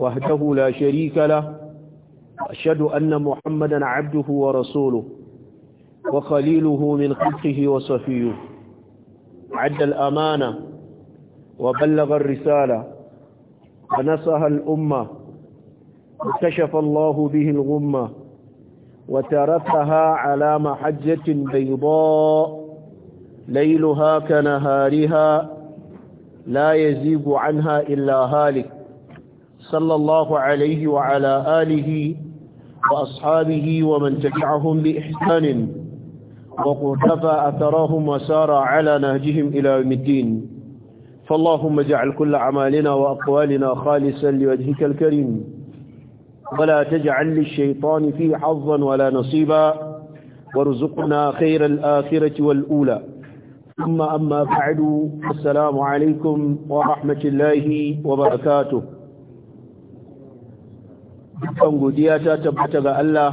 وحده لا شريك له وأشهد أن محمدا عبده ورسوله وخليله من خلقه وصفيه عد الأمانة وبلغ الرسالة ونصها الأمة وكشف الله به الغمة وتركها على محجة بيضاء ليلها كنهارها لا يزيب عنها إلا هالك صلى الله عليه وعلى آله وأصحابه ومن تبعهم بإحسان وقتفى أثرهم وسار على نهجهم إلى يوم الدين فاللهم اجعل كل أعمالنا وأقوالنا خالصا لوجهك الكريم ولا تجعل للشيطان فيه حظا ولا نصيبا وارزقنا خير الآخرة والأولى ثم أما بعد السلام عليكم ورحمة الله وبركاته dukkan godiya ta tabbata ga Allah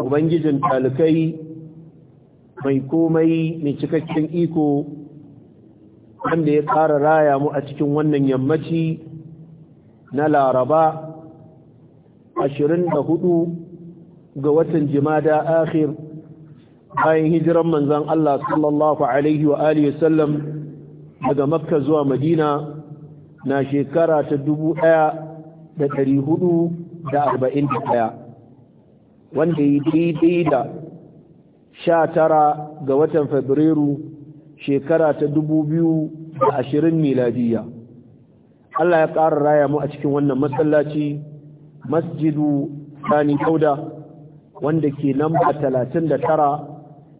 ubangijin talikai mai komai mai cikakken iko wanda ya ƙara raya mu a cikin wannan yammaci na laraba 24 ga watan jimada akhir bayan hijiran manzan Allah sallallahu alaihi wa daga makka zuwa madina na shekara ta dubu ɗaya. da ɗari hudu da arba'in da ɗaya wanda yi daidai da sha tara ga watan fabrairu shekara ta dubu biyu da ashirin miladiyya Allah ya ƙara raya mu a cikin wannan matsalaci masjidu sani kauda wanda ke ba talatin da tara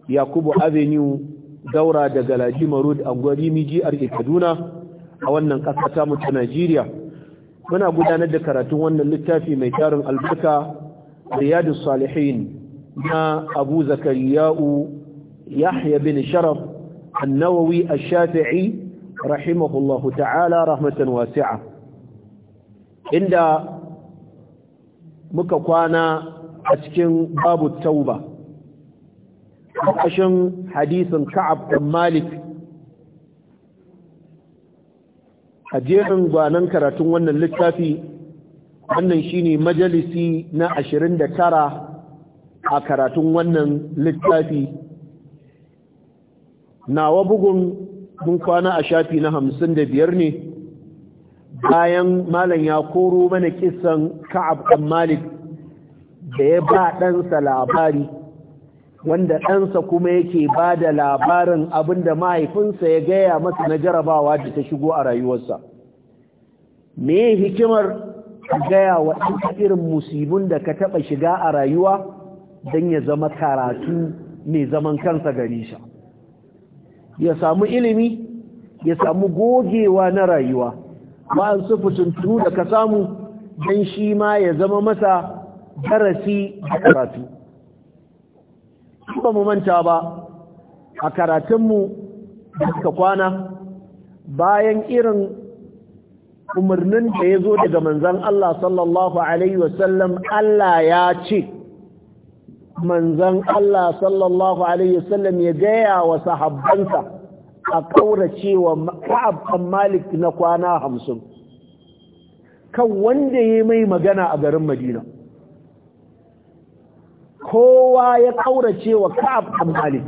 yakubu avenue daura da galaji marud a gwari a kaduna a wannan ƙasa ta mu ta najeriya muna gudanar da karatun wannan littafi mai tarin albarka riyadu salihin na abu zakariya'u yahya bin sharaf annawawi ash-shafi'i rahimahullahu ta'ala rahmatan wasi'a inda muka kwana a cikin babu tauba ƙashin hadisin ka'ab malik a jerin gwanan karatun wannan littafi wannan shine majalisi na tara a karatun wannan littafi nawa bugun mun kwana a shafi na 55 ne bayan malam ya koro mana kissan ka'ab ɗan malik da ya ba ɗansa labari wanda ɗansa kuma yake ba da labarin abin da mahaifinsa ya gaya masa na jarabawa da ta shigo a rayuwarsa me hikimar gaya wa ɗansa irin musibin da ka taɓa shiga a rayuwa don ya zama karatu mai zaman kansa gari sha ya samu ilimi ya samu gogewa na rayuwa ba'an su fitintunu da ka samu don shi ma ya zama masa darasi da karatu ba mu manta ba a karatunmu da suka kwana bayan irin umarnin da ya zo daga manzan Allah sallallahu Alaihi wasallam Allah ya ce manzan Allah sallallahu Alaihi wasallam ya gaya wa sahabbansa a ƙaurace wa ka'ab malik na kwana hamsin kan wanda ya mai magana a garin madina kowa ya kaurace wa Ka'ab bin Malik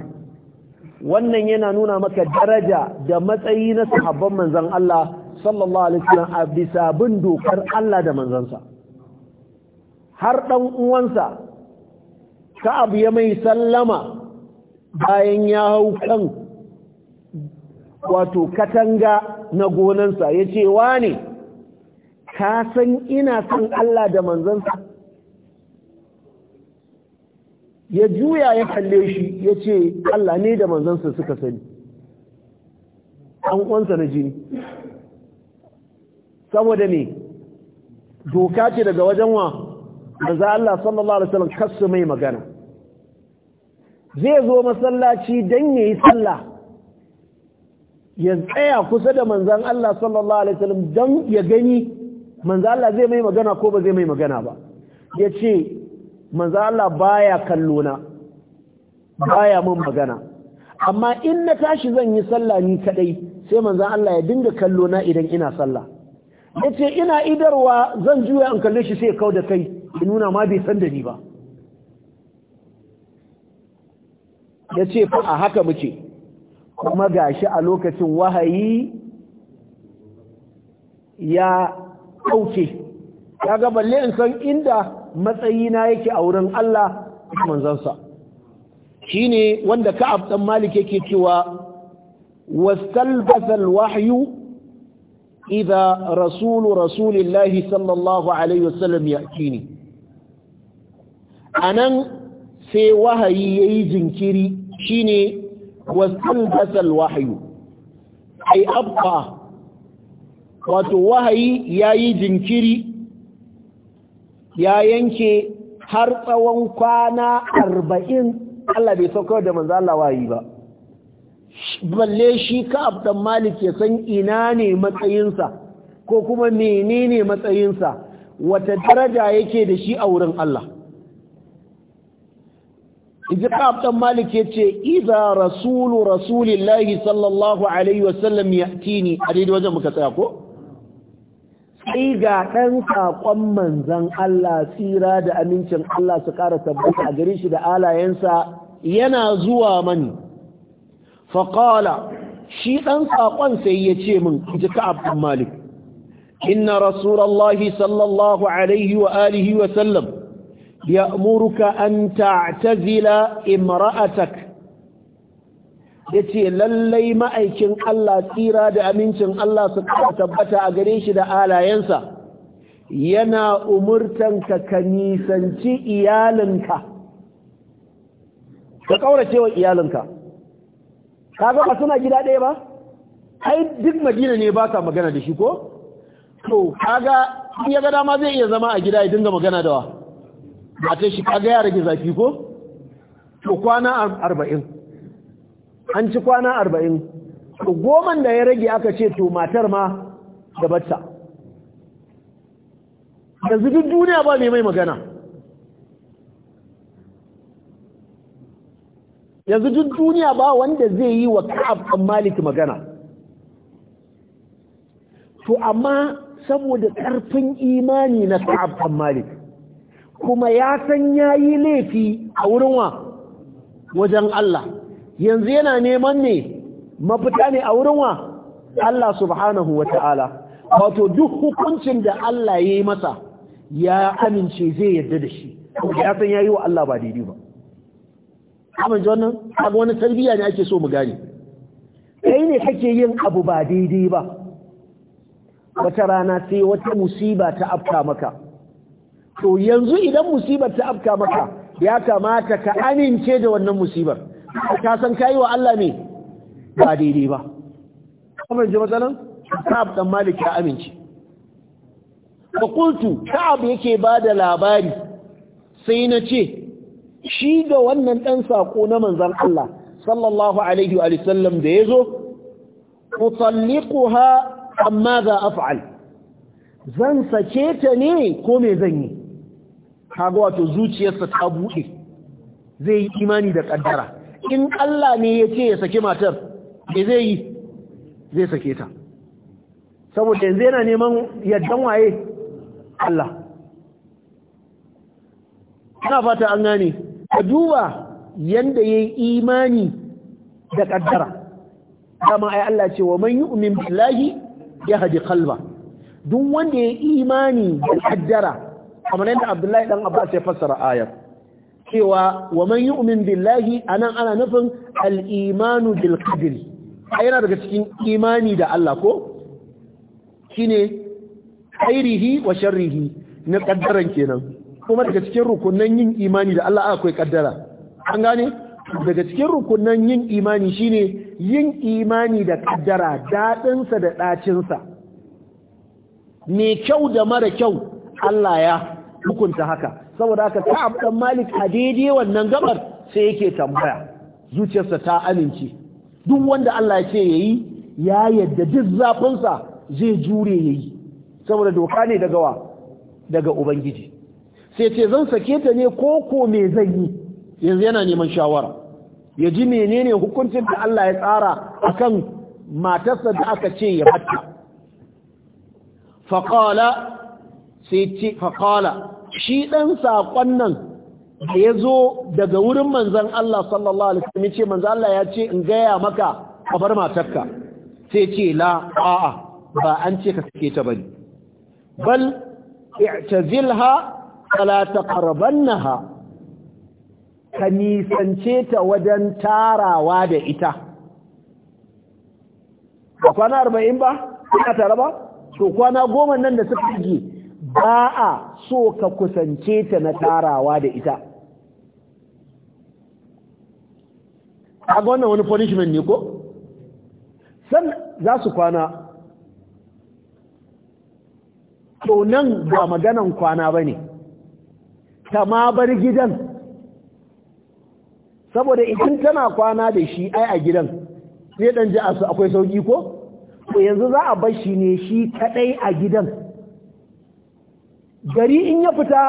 wannan yana nuna maka daraja da matsayi na sahabban manzon Allah sallallahu alaihi wasallam a bisa bin dokar Allah da manzansa har dan uwansa Ka'ab ya mai sallama bayan ya hau kan wato katanga na gonansa yace ne? ka san ina san Allah da manzansa ya juya ya kalle shi ya ce Allah ne da manzansa suka sani an kwansa na jini saboda ne doka ce daga wajen wa da za Allah sallallahu alaihi wasallam kasu mai magana zai zo masallaci dan yayi sallah ya tsaya kusa da manzan Allah sallallahu alaihi wasallam dan ya gani manzan Allah zai mai magana ko ba zai mai magana ba ya ce. manzo Allah baya kallo na baya mun magana amma in na tashi zan yi sallah ni kadai sai manzo Allah ya dinga kallo na idan ina sallah yace ina idarwa zan juya in kalle shi sai kau da kai in nuna ma bai san da ni ba yace fa a haka muke kuma gashi a lokacin wahayi ya kauce kaga balle in san inda matsayina yake a wurin Allah manzansa ne wanda Ka'ab dan Malik yake cewa wastalbasa alwahyu idha rasul rasulillahi sallallahu alaihi wasallam ya'tini anan sai wahayi yayi jinkiri shine wastalbasa alwahyu ai abqa wato wahayi yayi jinkiri ya yanke har tsawon kwana arba'in Allah bai saukar da manzo Allah ba balle shi ka abdan malik ya san ina ne matsayinsa ko kuma menene matsayinsa wata daraja yake da shi a wurin Allah ka abdan Malik ya ce, "Iza rasulu rasulillahi sallallahu Alaihi wasallam ya tini a daidai wajen muka tsaya ko?" sai ga ɗan saƙon manzan Allah tsira da amincin Allah su ƙara tabbata a gare shi da alayensa yana zuwa mani faƙala shi ɗan saƙon sai ya ce min ji ka abin malik inna rasulallahi sallallahu alaihi wa alihi wa sallam ya muruka an ta'tazila imra'atak ya ce lallai ma'aikin Allah tsira da amincin Allah su tabbata a gare shi da alayensa yana umurtanka ka nisanci iyalinka ka ƙaurace wa iyalinka ka ba suna gida ɗaya ba ai duk madina ne ba ka magana da shi ko to kaga ya ga dama zai iya zama a gida ya dinga magana da wa ta shi kaga ya rage zafi ko to kwana arba'in an ci kwana arba'in to goman da ya rage aka ce to matar ma da batta yanzu duk duniya ba mai mai magana yanzu duk duniya ba wanda zai yi wa ka'ab kan malik magana to amma saboda ƙarfin imani na ka'ab kan malik kuma ya san yayi laifi a wurin wa wajen Allah yanzu yana neman ne mafita ne a wurin wa Allah subhanahu wa ta'ala. wato duk hukuncin da Allah ya yi masa ya amince zai yarda da shi ya san ya yi wa Allah ba daidai ba amma wannan kaga wani tarbiyya ne ake so mu gane kai ne kake yin abu ba daidai ba wata rana sai wata musiba ta afka maka to yanzu idan musibar ta afka maka ya kamata ka amince da wannan musibar ka san kai wa Allah ne ba daidai ba kuma ji matsalan Ka'ab dan Malik ya amince fa qultu Ka'ab yake bada labari sai na ce shi ga wannan dan sako na manzon Allah sallallahu alaihi wa sallam da yazo utalliquha amma za af'al zan sake ta ne ko me zan yi kaga wato zuciyarsa ta buɗe zai yi imani da ƙaddara in Allah ne ya ce ya saki matar da zai yi zai sake ta saboda yanzu yana neman yaddan waye Allah ina fata an gane ka duba yanda yayi imani da kaddara dama ai Allah ce wa man yu'min billahi yahdi qalba duk wanda yayi imani da kaddara kamar yadda Abdullahi dan Abbas ya fassara ayar cewa wa man yu'min billahi anan ana nufin al-imanu bil qadri yana daga cikin imani da Allah ko shine khairihi wa sharrihi na kaddaran kenan kuma daga cikin rukunan yin imani da Allah akwai kaddara an gane daga cikin rukunan yin imani shine yin imani da kaddara sa da sa mai kyau da mara kyau Allah ya hukunta haka saboda haka Ka'ab ɗan Malik a daidai wannan gabar sai yake tambaya zuciyarsa ta amince duk wanda Allah ya ce yayi ya yadda duk zafinsa zai jure yayi saboda doka ne daga wa daga ubangiji sai ce zan sake ta ne ko ko me zan yi yanzu yana neman shawara ya ji menene hukuncin da Allah ya tsara akan matarsa da aka ce ya hatta faqala sai shi ɗan saƙon nan da ya zo daga wurin manzan Allah sallallahu alaihi wasallam ce manzan Allah ya ce in gaya maka a bar matarka sai ce la a'a ba an ce ka suke ta bane bal i'tazilha fala taqrabannaha ka nisance ta wajen tarawa da ita ba kwana arba'in ba ina tare ba to kwana goma nan da suka yi ba a so ka kusance ta na tarawa da ita a wannan wani punishment ne ko? san za su kwana to nan ba maganan kwana ba ne ta ma bar gidan saboda idan tana kwana da shi ai a gidan sai ɗan ji akwai sauƙi ko to yanzu za a bashi ne shi kaɗai a gidan gari in ya fita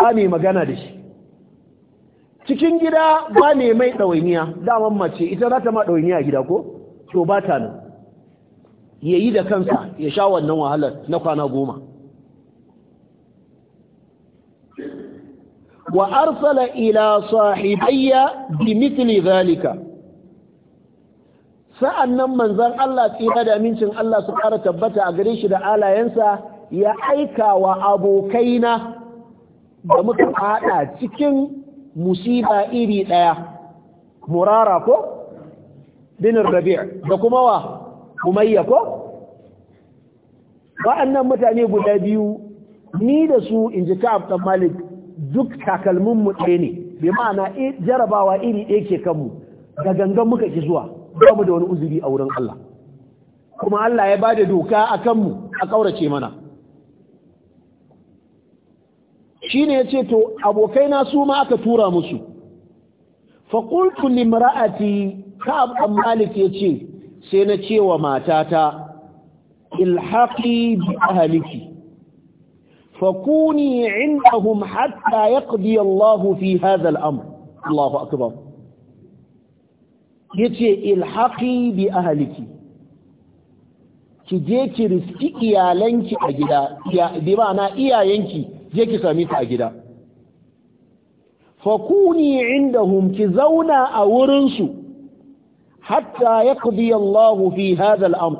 ba mai magana da shi cikin gida ba ne mai ɗawainiya daman mace ita za ta ma ɗawainiya a gida ko to ba ta nan ya yi da kansa ya sha wannan wahalar na kwana goma wa arsala ila sahibayya bi mithli zalika sa'annan manzon Allah tsira da amincin Allah su fara tabbata a gare shi da alayensa ya aika wa abokaina da muka fada cikin musiba iri daya murara ko binin rabi' da kuma wa umayya ko wa'annan mutane guda biyu ni da su in ji ka'ab malik duk takalmin mu ɗaya ne bi ma'ana e, jarabawa iri ɗaya ke kanmu da gangan muka ki zuwa ba mu da wani uzuri a wurin Allah kuma Allah ya bada doka a kanmu a ƙaurace mana shine yace to abokaina su ma aka tura musu faƙultu limra'ati ka'ab bin malik yace sai na ce wa matata ilhaqi bi ahliki fakuni indahum hatta yaqdi Allah fi hadha al Allahu akbar yace ilhaqi bi ahliki ki je ki riski iyalanki a gida bi ma'ana iyayenki je ki sami ta a gida fakuni indahum ki zauna a wurinsu hatta ya kudi Allahu fi hada al'am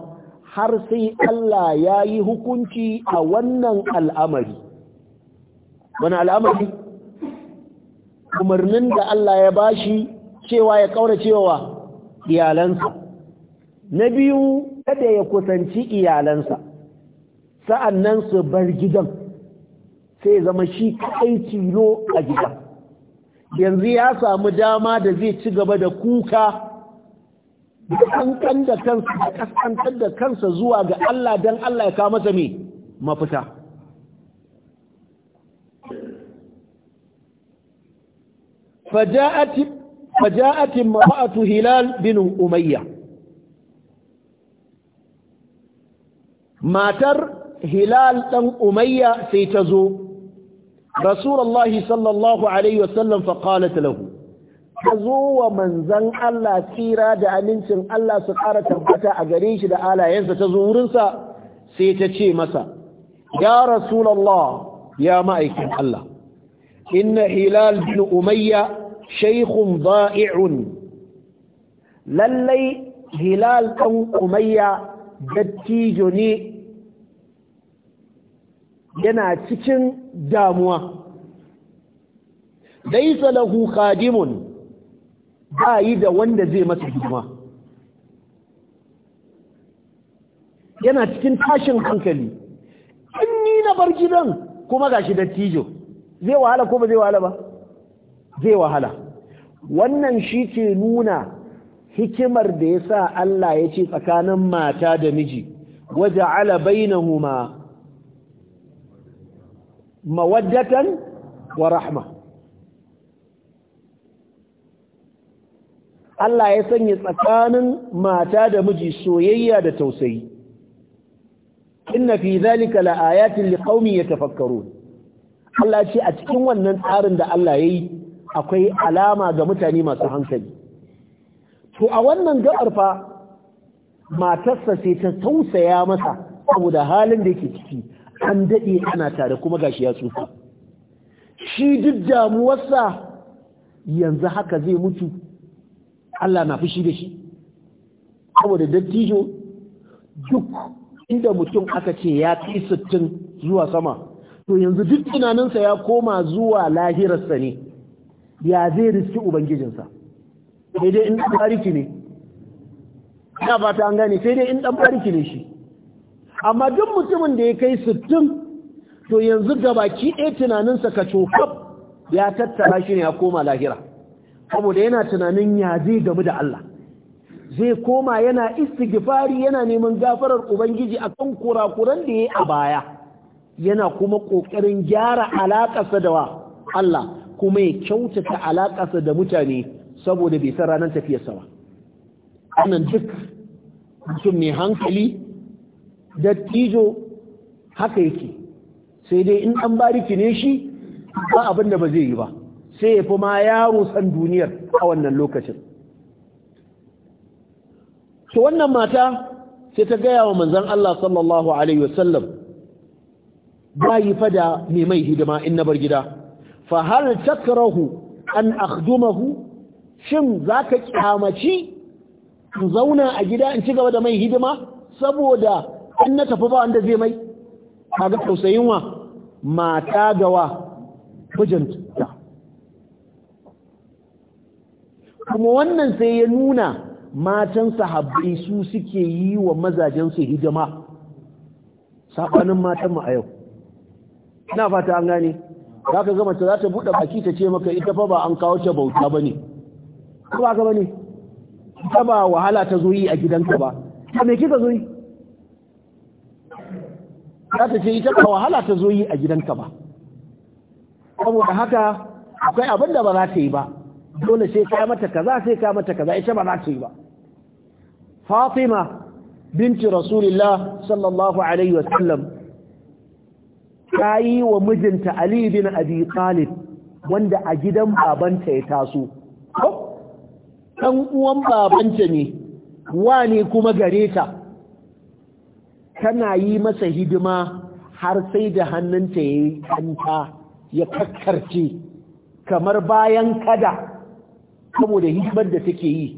har sai Allah ya yi hukunci a wannan al'amari wani al'amari umarnin da Allah ya bashi cewa ya kaura cewa iyalansa na biyu kada ya kusanci iyalansa sa'annan su bar gidan sai zama shi kai tilo a gida yanzu ya samu dama da zai ci gaba da kuka kankan da kansa da kaskantar da kansa zuwa ga Allah don Allah ya kawo masa mafita faja'atin ma'atu hilal bin umayya matar hilal ɗan umayya sai ta zo رسول الله صلى الله عليه وسلم فقالت له تزو ومنزن الله تيرا دا أمنسن الله سقارة تبتا أغريش دا آلا ينسى تزورنسا سيتشي مسا يا رسول الله يا مائك الله إن هلال بن أمية شيخ ضائع للي هلال بن أمية دتيجني yana cikin damuwa laisa lahu khadimun ba da wanda zai masa hidima yana cikin tashin hankali in ni na bar gidan kuma gashi dattijo zai wahala ko ba zai wahala ba zai wahala wannan shi ke nuna hikimar da yasa Allah ya ce tsakanin mata da miji waje ala bainahuma mawaddatan wa rahma Allah ya sanya tsakanin mata da miji soyayya da tausayi inna fi zalika laayatin liqaumin yatafakkarun Allah ce a cikin wannan tsarin da Allah yayi akwai alama ga mutane masu hankali to a wannan gabar fa matarsa sai ta tausaya masa saboda halin da yake ciki an daɗe ana tare kuma gashi ya tsufa shi duk damuwarsa yanzu haka zai mutu Allah na fushi da shi saboda dattijo duk inda mutum aka ce ya kai sittin zuwa sama to yanzu duk tunaninsa ya koma zuwa lahirarsa ne ya zai riski ubangijinsa sai dai in ɗan fariki ne ya ba an gane sai dai in ɗan fariki ne shi amma duk mutumin da ya kai sittin to yanzu gabaki ɗaya tunaninsa ka cokaf ya tattara shi ne ya koma lahira saboda yana tunanin ya zai gamu da Allah zai koma yana istighfari yana neman gafarar ubangiji akan kurakuran da ya a baya yana kuma ƙoƙarin gyara alaƙasa da wa Allah kuma ya kyautata alaƙasa da mutane saboda bai san ranar tafiyarsa ba wannan duk mutum mai hankali dattijo haka yake sai dai in an bariki ne shi ba abin da ba zai yi ba sai ya fi ma yaro san duniyar a wannan lokacin to wannan mata sai ta gaya wa manzan Allah sallallahu alaihi wasallam ba yi fada mai mai hidima in na bar gida fa hal takrahu an akhdumahu shin zaka kyamaci in zauna a gida in ci gaba da mai hidima saboda in na tafi ba wanda zai mai kaga tausayin wa mata ga wa mijinta kuma wannan sai ya nuna matan sahabbai su suke yi wa mazajensu hidima sabanin matan mu a yau ina fata an gane zaka ga mace za ta bude baki ta ce maka ita fa ba an kawo ta bauta bane ko ba ga bane ta ba wahala ta zo yi a gidanka ba ta me kika zo yi za ta ce ita ba wahala ta zo yi a gidanka ba saboda haka akwai abin da ba za ta yi ba dole sai ka mata kaza sai ka mata kaza ita ba za ta yi ba Fatima binti Rasulullah sallallahu alaihi wa sallam ta yi wa mijinta Ali bin Abi Talib wanda a gidan babanta ya taso ɗan uwan babanta ne ne kuma gare ta tana yi masa hidima har sai da hannunta ya yi kanta ya kakkarce kamar bayan kada saboda hidimar da take yi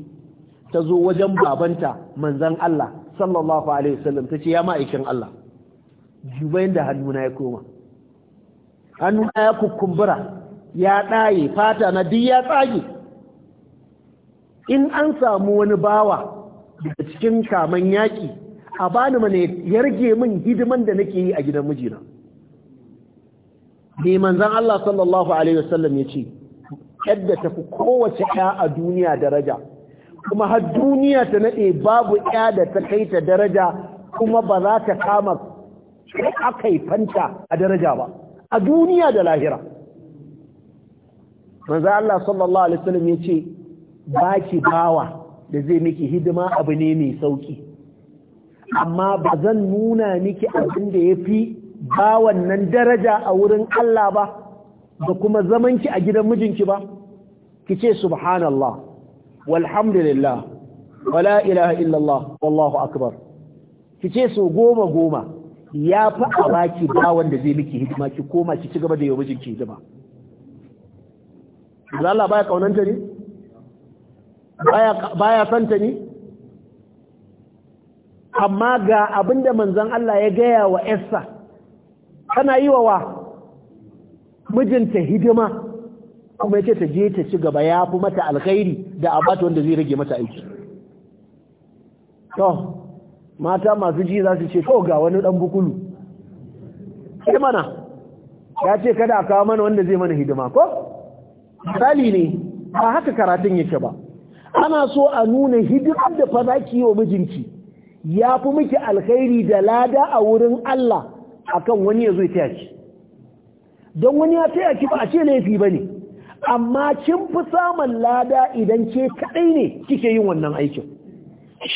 ta zo wajen babanta manzan Allah sallallahu alaihi wasallam ta ce ya ma'aikin Allah jubayin da hannuna ya koma hannuna ya kukumbura ya ɗaye fata na duk ya tsage in an samu wani bawa daga cikin kaman yaƙi a bani mana ya rage min hidiman da nake yi a gidan mijina ne manzan Allah sallallahu alaihi wasallam ya ce yadda tafi kowace ya a duniya daraja kuma har duniya ta nade babu ya da ta kai ta daraja kuma ba za ta kama akai fanta a daraja ba a duniya da lahira manzan Allah sallallahu alaihi wasallam ya ce baki bawa da zai miki hidima abu ne mai sauki amma ba zan nuna miki abin da ya fi ba wannan daraja a wurin Allah ba da kuma zamanki a gidan mijinki ba ki ce subhanallah walhamdulillah wala ilaha illallah wallahu akbar ki ce so goma goma ya fi a baki ba wanda zai miki hidima ki koma ki ci gaba da yau mijinki hidima Allah baya kaunanta ne baya baya santa ne amma ga abinda manzan Allah ya gaya wa Esa, tana yi wa mijinta hidima kuma ce ta je ta ci gaba ya fi mata alkhairi da abata wanda zai rage mata aiki to mata masu ji za su ce to ga wani ɗan bukulu sai mana ya ce kada a kawo mana wanda zai mana hidima ko misali ne ba haka karatun yake ba ana so a nuna hidimar da fa za ki yi wa mijinki ya fi miki alkhairi da lada a wurin Allah akan wani ya zo ya ki don wani ya taya ki ba a ce laifi ba ne amma kin fi samun lada idan ke kaɗai ne kike yin wannan aikin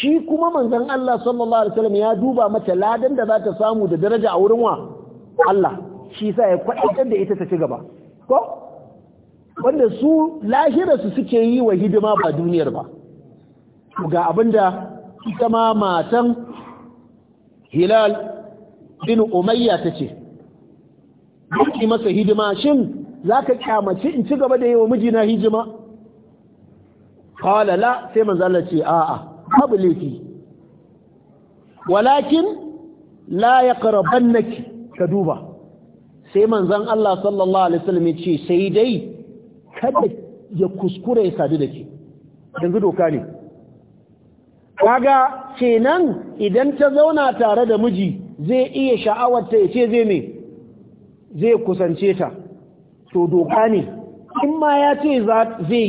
shi kuma manzon Allah sallallahu alaihi wasallam ya duba mata ladan da za ta samu da daraja a wurin wa Allah shi sa ya kwaɗaɗen da ita ta ci gaba ko wanda su lahirarsu suke yi wa hidima ba duniyar ba ga abin da. ita ma matan hilal bin umayya ta ce yi masa hidima shin za ka kyamaci in ci gaba da yi wa mijina hijima kawala la sai manzala ce a'a abu laifi walakin la ya karaban naki ka duba sai manzan Allah sallallahu Alaihi wasallam ce sai dai kada ya kuskure ya sadu da ke yanzu doka ne kaga kenan idan ta zauna tare da miji zai iya sha'awarta ya ce zai me zai kusance ta to doka ne in ma ya ce zai yi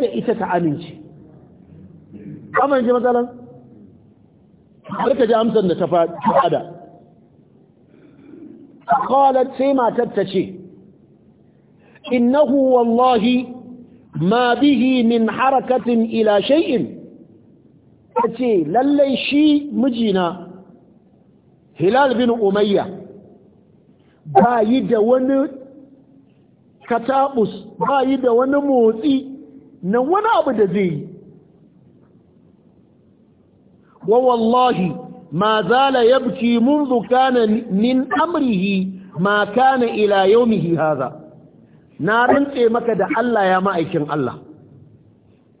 da ita ta amince amince matsalan har ka ji amsar da ta fada qalat sai matar ta ce innahu wallahi ma bihi min harakatin ila shay'in ta ce lallai shi mijina hilal bin umayya ba yi da wani katabus ba yi da wani motsi na wani abu da zai yi wa wallahi ma zala yabki منذ amrihi ma kana ila yawmihi hadha na rantse maka da Allah ya ma'aikin Allah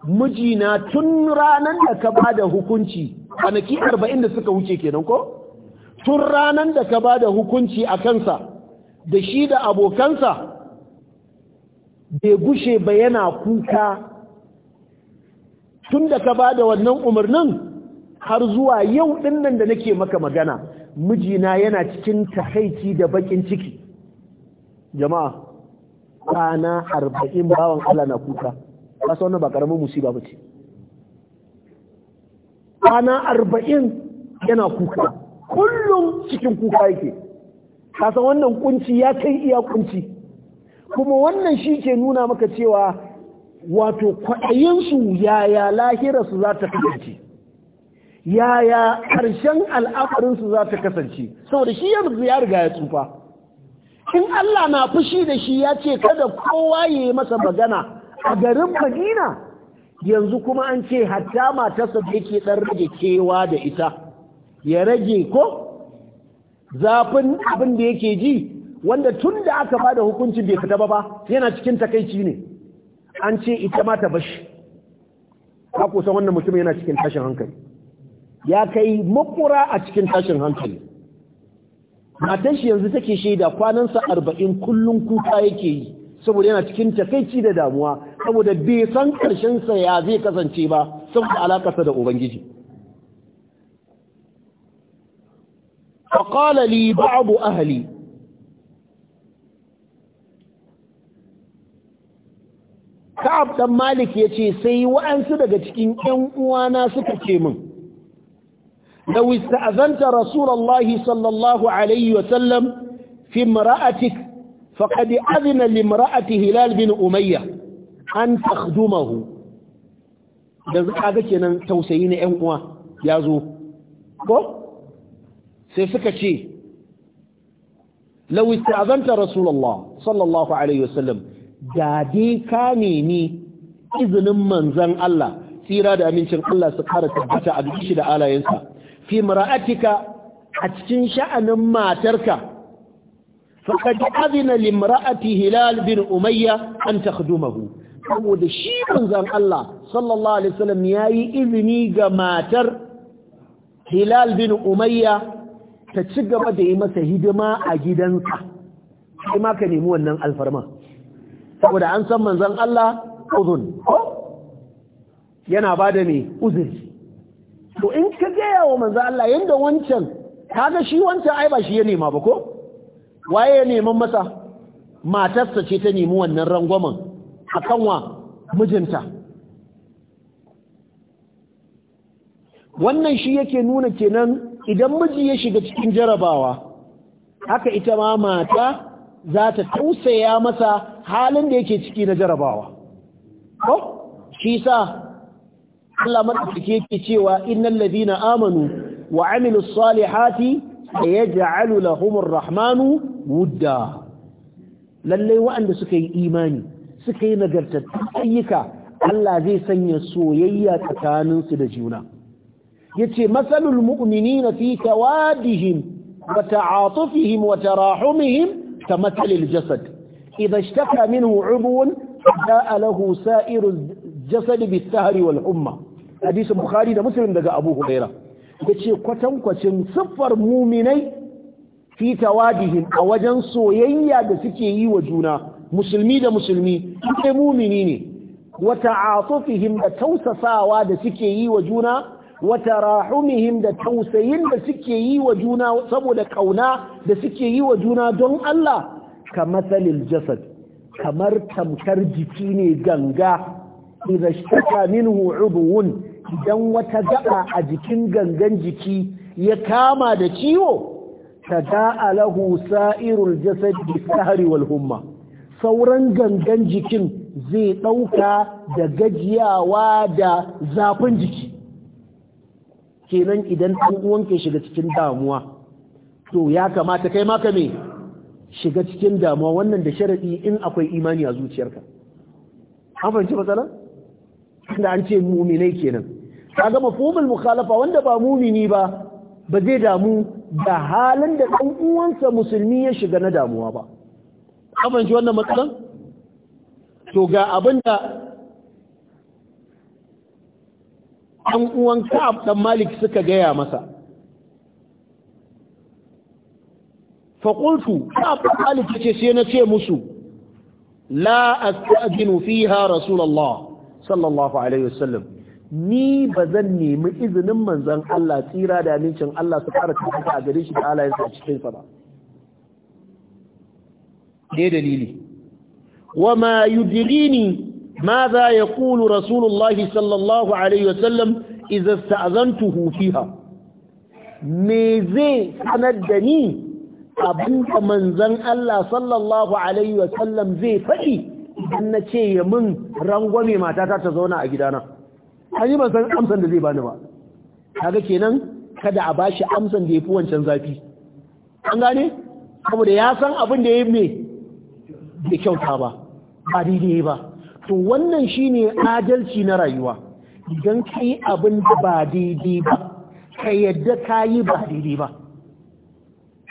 mijina tun ranar da ka ba da hukunci kwanaki arba'in da suka wuce kenan ko tun ranar da ka ba da hukunci a kansa da shi da abokansa bai gushe ba yana kuka tun da ka ba da wannan umarnin har zuwa yau dinnan da nake maka magana mijina yana cikin tahaici da bakin ciki jama'a kana arba'in bawan Allah na kuka kasa wannan ba karamin musiba ba ce kwana arba'in yana kuka kullum cikin kuka yake kasa wannan kunci ya kai iya kunci kuma wannan shi ke nuna maka cewa wato kwaɗayinsu yaya lahirarsu za ta kasance yaya ƙarshen al'afarinsu za ta kasance saboda shi yanzu ya riga ya tsufa in Allah na fushi da shi ya ce kada kowa ya yi masa magana a garin madina yanzu kuma an ce hatta matarsa da yake ɗan rage kewa da ita ya rage ko zafin abin da yake ji wanda tun da aka ba da hukuncin bai fita ba ba yana cikin takaici ne an ce ita ma ta bashi ka kusan wannan mutum yana cikin tashin hankali ya kai makura a cikin tashin hankali matan yanzu take shaida kwanansa arba'in kullum kuka yake yi saboda yana cikin takaici da damuwa saboda bai san karshen sa ya zai kasance ba saboda alakarsa da ubangiji فقال لي بعض أهلي Ka'ab dan Malik ya ce sai wa'ansu daga cikin ‘yan uwana suka ce min, Law ista'azanta Rasulallahi sallallahu Alaihi sallam fi mara'atik faqad adhina limra'ati hilal bin umayya an takhdumahu da kaga kenan tausayi na ƴan uwa ya zo ko sai suka ce law ista'zanta rasulullah sallallahu alaihi wasallam da dai ka nemi izinin manzon Allah tsira da amincin Allah su kara tabbata a duk shi da alayensa fi mara'atika a cikin sha'anin matarka faqad azina limra'ati hilal bin umayya an takhdumahu saboda shi manzan Allah sallallahu alaihi wasallam yayi izini ga matar hilal bin umayya ta ci gaba da yi masa hidima a gidansa sai ma ka nemi wannan alfarma saboda an san manzan Allah uzun yana bada me uzuri to in ka gaya wa manzan Allah yanda wancan kaga shi wancan ai ba shi ya nema ba ko waye ya neman masa matarsa ce ta nemi wannan rangwamen a kanwa mijinta wannan shi yake nuna kenan idan miji ya shiga cikin jarabawa haka ita ma mata za ta tausaya masa halin da yake ciki na jarabawa ko shi sa Allah madaukake yake cewa innal ladina amanu wa amilus salihati يجعل لهم الرحمن ودا للي وعند سكي إيماني سكي نجرتد أيكا الله ذي سنية سويية تكان سدجونا يتمثل المؤمنين في كوادهم وتعاطفهم وتراحمهم كمثل الجسد إذا اشتكى منه عبو جاء له سائر الجسد بالسهر والأمة حديث مخالد مسلم دقاء أبو غيره ya kwatankwacin siffar muminai fi tawadihim a wajen soyayya da suke yi wa juna musulmi da musulmi sai mumini ne wata ta'atufihim da tausasawa da suke yi wa juna wata tarahumihim da tausayin da suke yi wa juna saboda kauna da suke yi wa juna don Allah kamathalil jasad kamar tamkar jiki ne ganga idza ishtaka minhu buhun. idan wata gaba a jikin gangan jiki ya kama da ciwo ta da'a lahu sa'irul jasad sahri wal humma sauran gangan jikin zai ɗauka da gajiyawa da zafin jiki kenan idan dan uwanka shiga cikin damuwa to ya kamata kai maka mai me shiga cikin damuwa wannan da sharadi in akwai imani a zuciyarka an fahimci matsalar tunda an ce mu'minai kenan kaga mafhumul mukhalafa wanda ba mu'mini ba ba zai damu da halin da dan uwansa musulmi ya shiga na damuwa ba kaman ji wannan matsalan to ga abinda dan uwan Ka'ab dan Malik suka gaya masa fa qultu Ka'ab dan Malik yace sai na ce musu la asta'dinu fiha rasulallah. sallallahu alaihi wasallam ni bazan nemi izinin manzon Allah tsira da amincin Allah su fara tafiya a gare shi da Allah ya cikin sa ba ne dalili wama yudrini ماذا يقول رسول الله صلى الله عليه وسلم إذا استأذنته فيها ميزي سندني أبنك منزن الله صلى الله عليه وسلم zai faɗi? idan na ce ya min rangwame matata ta zauna a gidana an yi ban san amsan da zai bani ba kaga kenan kada a bashi amsan da ya fi wancan zafi an gane saboda ya san abin da ya me da kyauta ba ba daidai ba to wannan shine adalci na rayuwa idan ka yi abin da ba daidai ba ka yadda ka yi ba daidai ba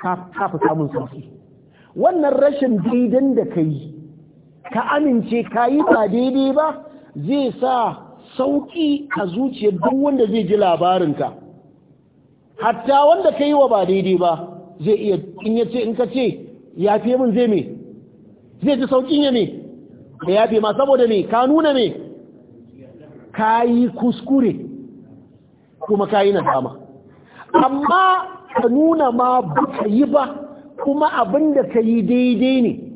ka fi samun sauki wannan rashin daidan da ka yi ka amince ka yi ba daidai ba zai sa sauƙi a zuciyar duk wanda zai ji labarinka hatta wanda ka yi wa ba daidai ba zai iya in ya ce in ka ce ya fi min zai me zai ji sauƙin ya me da ya fi ma saboda me ka nuna me ka yi kuskure kuma ka yi nadama amma ka nuna ma ba ka yi ba kuma abin da ka yi daidai ne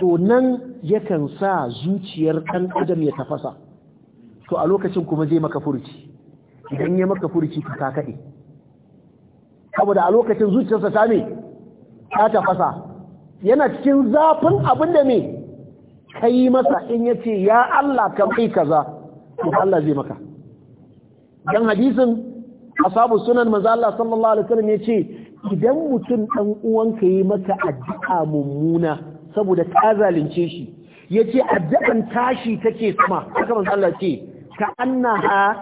to nan yakan sa zuciyar ɗan adam ya tafasa to a lokacin kuma zai maka furci idan ya maka furci ka kaɗe saboda a lokacin zuciyarsa ta ne ta tafasa yana cikin zafin abin da me yi masa in ya ce ya Allah kan kai kaza to Allah zai maka dan hadisin asabu sunan manzo Allah sallallahu alaihi wasallam ya ce idan mutum dan uwanka yi maka addu'a mummuna saboda ta zalunce shi yace addu'an tashi take sama haka manzo Allah ce ka annaha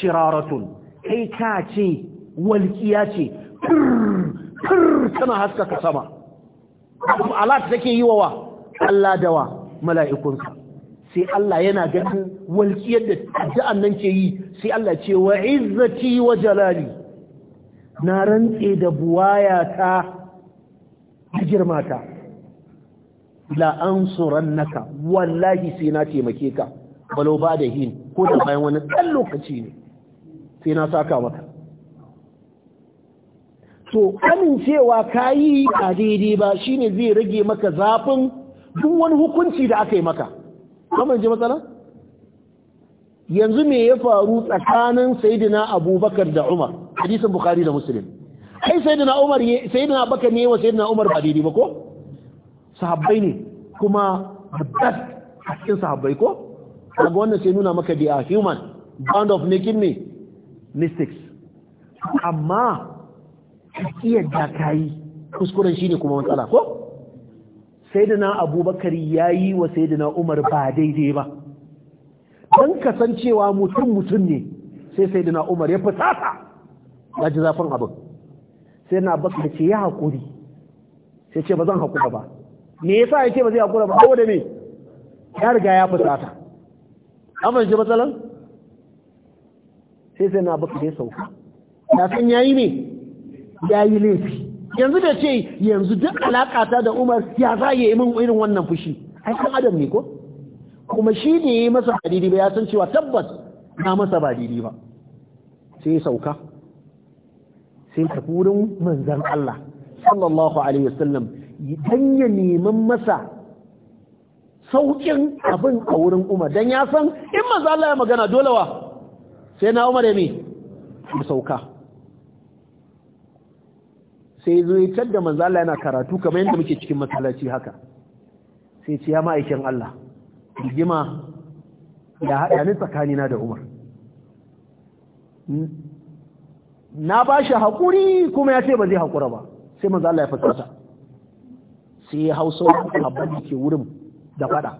shiraratun kai ka ce walƙiya ce kar tana haskaka sama alat take yi wa Allah dawa mala'ikunsa sai Allah yana ganin walƙiyar da addu'an nan ke yi sai Allah ce wa izzati wa jalali na rantse da buwaya ta girmata la ansurannaka wallahi sai na taimake ka balo ba da hin ko da bayan wani ɗan lokaci ne sai na saka maka to amincewa ka yi a daidai ba shine zai rage maka zafin duk wani hukunci da aka yi maka kamar ji matsala yanzu me ya faru tsakanin sayidina abubakar da umar hadisin bukhari da muslim ai sayidina umar sayidina abubakar ne wa sayidina umar ba daidai ba ko sahabbai ne kuma the best a cikin sahabbai ko daga wannan sai nuna maka da human band of naked me mystics amma tsakiyar da ka kuskuren shi ne kuma matsala ko sai da na abubakar ya yi wa sai da na umar ba daidai ba don kasancewa mutum mutum ne sai sai da na umar ya fusata ya ji zafin abin sai na abubakar ce ya haƙuri sai ce ba zan haƙura ba me yasa ya ce ba zai hakura ba saboda me ya riga ya fusata an fahimci matsalan sai sai na baka dai sauka ya san yayi ne yayi laifi yanzu da ce yanzu duk alakata da Umar ya za ya yi min irin wannan fushi ai kan adam ne ko kuma shi ne ya masa ba daidai ba ya san cewa tabbas na masa ba daidai ba sai ya sauka sai tafi wurin manzan Allah sallallahu alaihi wasallam don ya neman masa sauƙin abin a wurin umar don ya san in maza Allah ya magana dolewa sai na umar ya mi da sauka sai zo ya cadda maza Allah yana karatu kamar yadda muke cikin matsalaci haka sai ce ya ma'aikin Allah rigima da haɗa ni tsakanina da umar na ba shi haƙuri kuma ya ce ba zai haƙura ba sai maza Allah ya fasata sai ya hausa abin da ke wurin da fada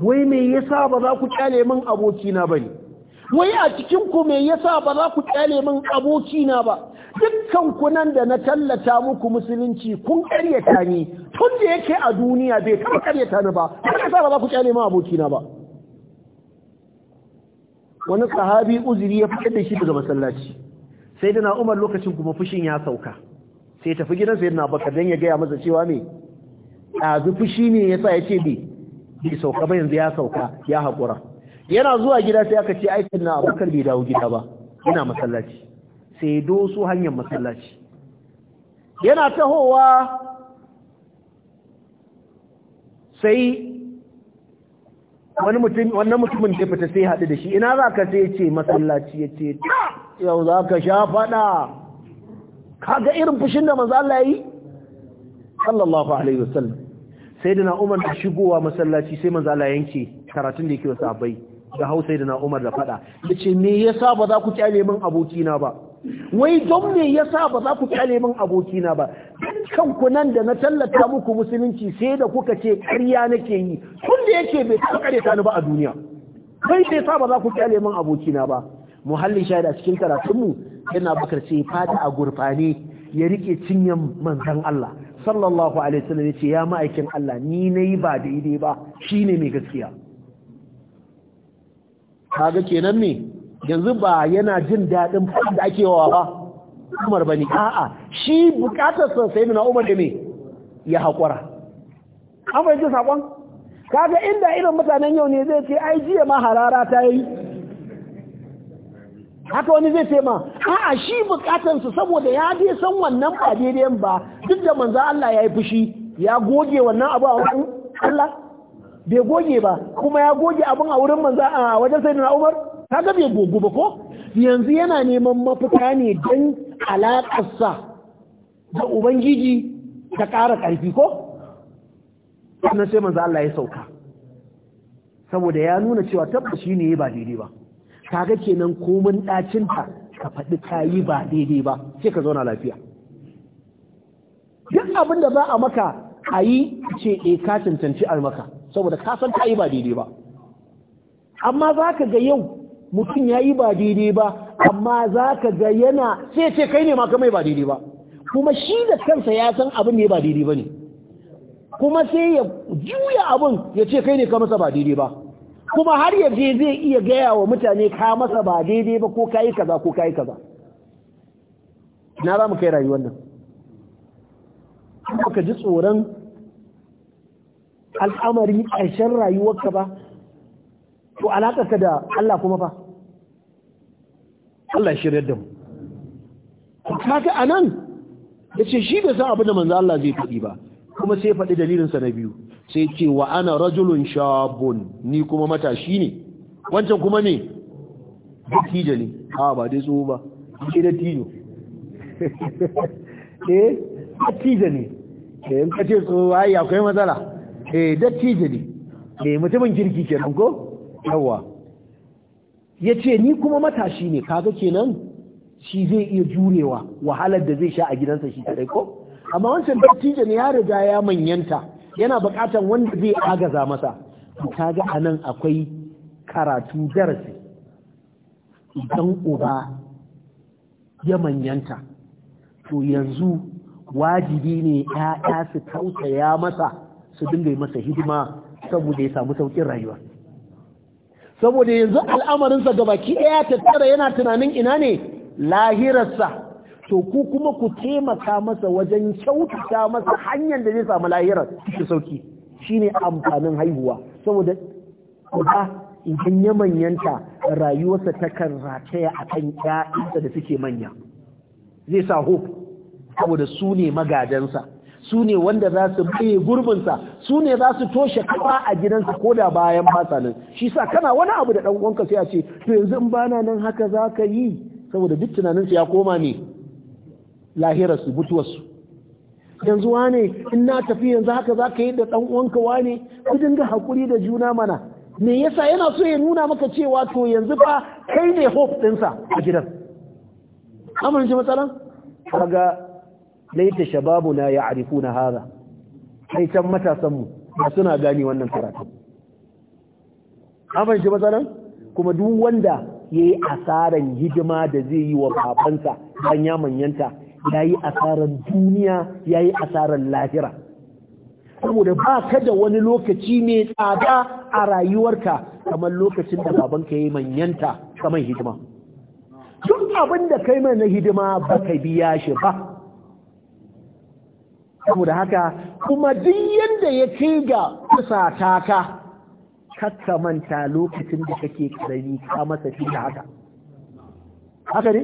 wai me yasa ba za ku kyale min abokina ba ne wai a cikin ku me yasa ba za ku kyale min abokina ba dukkan ku nan da na tallata muku musulunci kun karyata ni tun da yake a duniya bai taba karyata ni ba me yasa ba za ku kyale min abokina ba wani sahabi uzuri ya fitar da shi daga masallaci sai dana umar lokacin kuma fushin ya sauka sai tafi gidan sai na bakar dan ya gaya masa cewa me ɗazu fushi ne ya sa ya ce bai bi sauka ba yanzu ya sauka ya haƙura yana zuwa gida sai aka ce aikin na abokan bai dawo gida ba yana masallaci sai ya doso hanyar masallaci yana tahowa sai wani mutum wannan mutumin da fita sai haɗu da shi ina za ka sai ce masallaci ya ce yau za ka sha faɗa kaga irin fushin da manzo Allah yi sallallahu alaihi wasallam sai da na'umar da shigowa masallaci sai manzo Allah yanke karatun da yake wasu abai da hau sai da na'umar da fada yace me ya sa ba za ku kyale min abokina ba wai don me ya sa ba za ku kyale min abokina ba kanku nan da na tallata muku musulunci sai da kuka ce ƙarya nake yi tun da yake bai kare ta ni ba a duniya kai sai sa ba za ku kyale min abokina ba muhallin shaida cikin karatunmu yana bakar ce fada a gurfane ya rike cinyan manzan Allah sallallahu alaihi wasallam yace ya ma'aikin Allah ni nayi ba daidai ba shine mai gaskiya kaga kenan ne yanzu ba yana jin dadin fadin da ake yawa ba Umar bani a'a shi bukatar sa sai na Umar da me ya hakura an fahimci sakon kaga inda irin mutanen yau ne zai ce ai jiya ma harara ta yi haka wani zai ce ma a'a shi bukatansu saboda ya dai san wannan ba daidai ba duk da manzo Allah ya yi fushi ya goge wannan abu a wurin Allah bai goge ba kuma ya goge abin a wurin manzo a wajen sayyidina Umar kaga bai gogu ba ko yanzu yana neman mafita ne don sa da ubangiji ta ƙara ƙarfi ko sannan sai manzo Allah ya sauka saboda ya nuna cewa tabbashi ne ba daidai ba kaga kenan komin ɗacinta ka faɗi kayi ba daidai ba sai ka zauna lafiya duk abin da za a maka a yi ce e ka cancanci a maka saboda ka san yi ba daidai ba amma za ka ga yau mutum ya yi ba daidai ba amma za ka ga yana sai ce kai ne ma ka ba daidai ba kuma shi da kansa ya san abin ne ba daidai ba ne kuma sai ya juya abin ya ce kai ne ka masa ba daidai ba kuma har ya je zai iya gaya wa mutane ka masa ba daidai ba ko kayi kaza ko kayi kaza na za mu kai rayuwar nan ka ji tsoron al'amari ƙarshen rayuwarka ba to alaƙarka da Allah kuma fa Allah shirya da mu kaga anan da shi bai san abin da manzo Allah zai faɗi ba kuma sai faɗi dalilinsa na biyu sai ce wa ana rajulun shabun ni kuma matashi ne wancan kuma ne dattijo ne a ba dai tsoho ba ke tijo eh dattijo ne eh in kace tsoho ai akwai matsala eh dattijo ne eh mutumin kirki kenan ko yawa yace ni kuma matashi ne kaga kenan shi zai iya jurewa wahalar da zai sha a gidansa shi kadai ko amma wancan dattijo ne ya riga ya manyanta yana buƙatar wanda zai agaza masa ta ga nan akwai karatu darasi idan uba ya manyanta to yanzu wajibi ne ya su tausaya masa su dinga yi masa hidima saboda ya samu saukin rayuwa saboda yanzu al'amarinsa gabaki ɗaya tattara yana tunanin ina ne lahirarsa to ku kuma ku taimaka masa wajen kyautata masa hanyar da zai samu lahirar shi sauki shine amfanin haihuwa saboda uba idan ya manyanta rayuwarsa ta kan rataya a kan ƴaƴansa da suke manya zai sa hope saboda su ne magadansa su ne wanda za su baye gurbinsa su ne za su toshe kafa a gidansa ko da bayan basa shi sa kana wani abu da ɗan uwanka sai a ce to yanzu in bana nan haka za ka yi saboda duk tunaninsa ya koma ne lahirarsu mutuwarsu yanzu wane in na tafi yanzu haka za ka yi da ɗan uwanka wane ku dinga hakuri da juna mana me yasa yana so ya nuna maka cewa to yanzu fa kai ne hope ɗinsa a gidan amince matsalan kaga laita shababu na ya arifu na haza kai can matasanmu ba suna gane wannan karatu amince matsalan kuma duk wanda ya yi asaran hidima da zai yi wa babansa bayan ya manyanta ya yi asarar duniya ya yi asarar lahira saboda ba ka da wani lokaci mai tsada a rayuwarka kamar lokacin da babanka ya yi manyanta kamar hidima duk abin da kai mana na hidima ba ka biya shi ba saboda haka kuma duk yadda ya kai ga fusata ka kakka manta lokacin da kake karami ka masa fi haka haka ne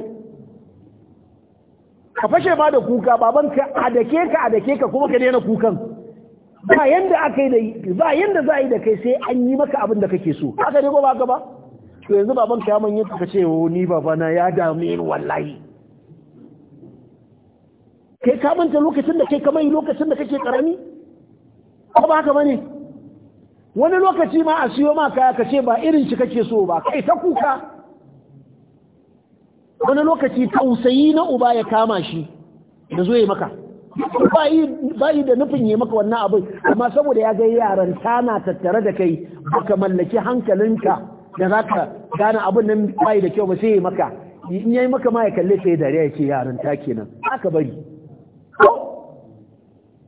ka fashe ma da kuka babanka a dake ka a dake ka kuma ka daina kukan ba yanda aka yi da ba yanda za a yi da kai sai an yi maka abin da kake so haka ne ko ba ka ba to yanzu babanka ya manya ka ce wo oh, ni babana ya dame ni wallahi kai ka manta lokacin da kai ka mai lokacin da kake karami ko ba haka bane wani lokaci ma a siyo ma kaya ka ce ba irin shi kake so ba kai ta kuka wani lokaci tausayi na uba ya kama shi da zo yi maka yi da nufin ya maka wannan abin amma saboda ya ga yaran tana tattare da kai baka mallaki hankalinka da za ka gane abin nan yi da kyau ba sai ya maka in yi maka ma ya kalle sai dariya ya ce yaran ta kenan aka bari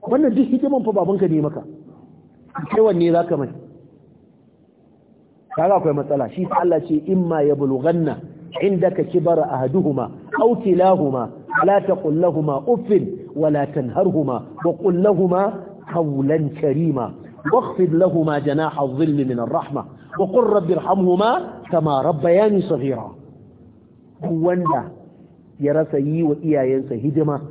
wannan duk hikiman fa babanka ne maka sai wanne za ka mai kaga akwai matsala shi Allah ce imma ya bulughanna عندك كبر أهدهما أو كلاهما فلا تقل لهما أف ولا تنهرهما وقل لهما قولا كريما واخفض لهما جناح الظل من الرحمة وقل رب ارحمهما كما ربياني صغيرا wanda ya rasa yi wa iyayensa hidima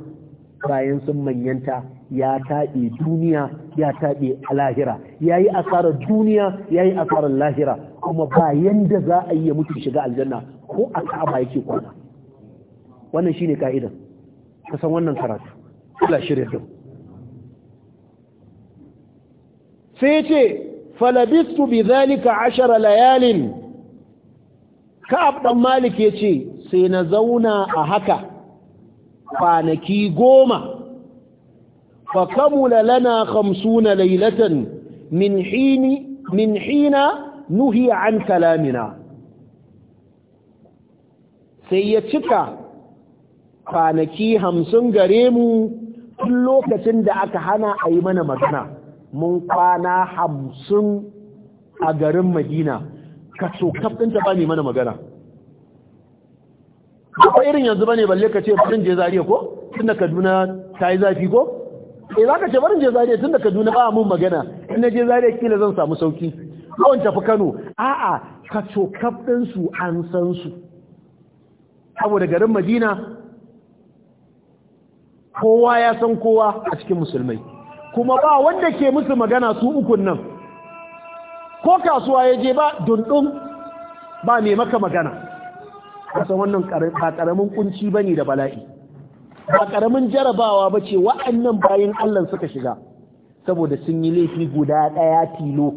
bayan sun manyanta ya taɓe duniya ya taɓe lahira ya yi asarar duniya ya yi asarar lahira kuma bayan da za a yi ya mutu shiga aljanna ko a ka'aba yake kwana wannan shi ne ka'idan ka wannan karatu kula shirya da sai ce falabistu bi zalika ashara layalin ka'ab dan malik ya ce sai na zauna a haka kwanaki goma fa kamula lana khamsuna laylatan min hini min hina nuhi an kalamina sai ya cika kwanaki hamsin gare mu tun lokacin da aka hana a yi mana magana mun kwana hamsin a garin madina ka so kafinta ba mana magana ba irin yanzu bane balle ka ce barin je zariya ko tunda kaduna ta yi zafi ko eh za ka ce barin je zariya tunda kaduna ba mun magana in na je zariya kila zan samu sauki ko tafi kano a'a ka cokaf ɗin su an san su da garin madina kowa ya san kowa a cikin musulmai kuma ba wanda ke musu magana su ukun nan ko kasuwa ya je ba dundun ba mai maka magana san wannan ba karamin kunci bane da bala'i ba karamin jarabawa ba ce wa'annan bayan Allah suka shiga saboda sun yi laifi guda daya tilo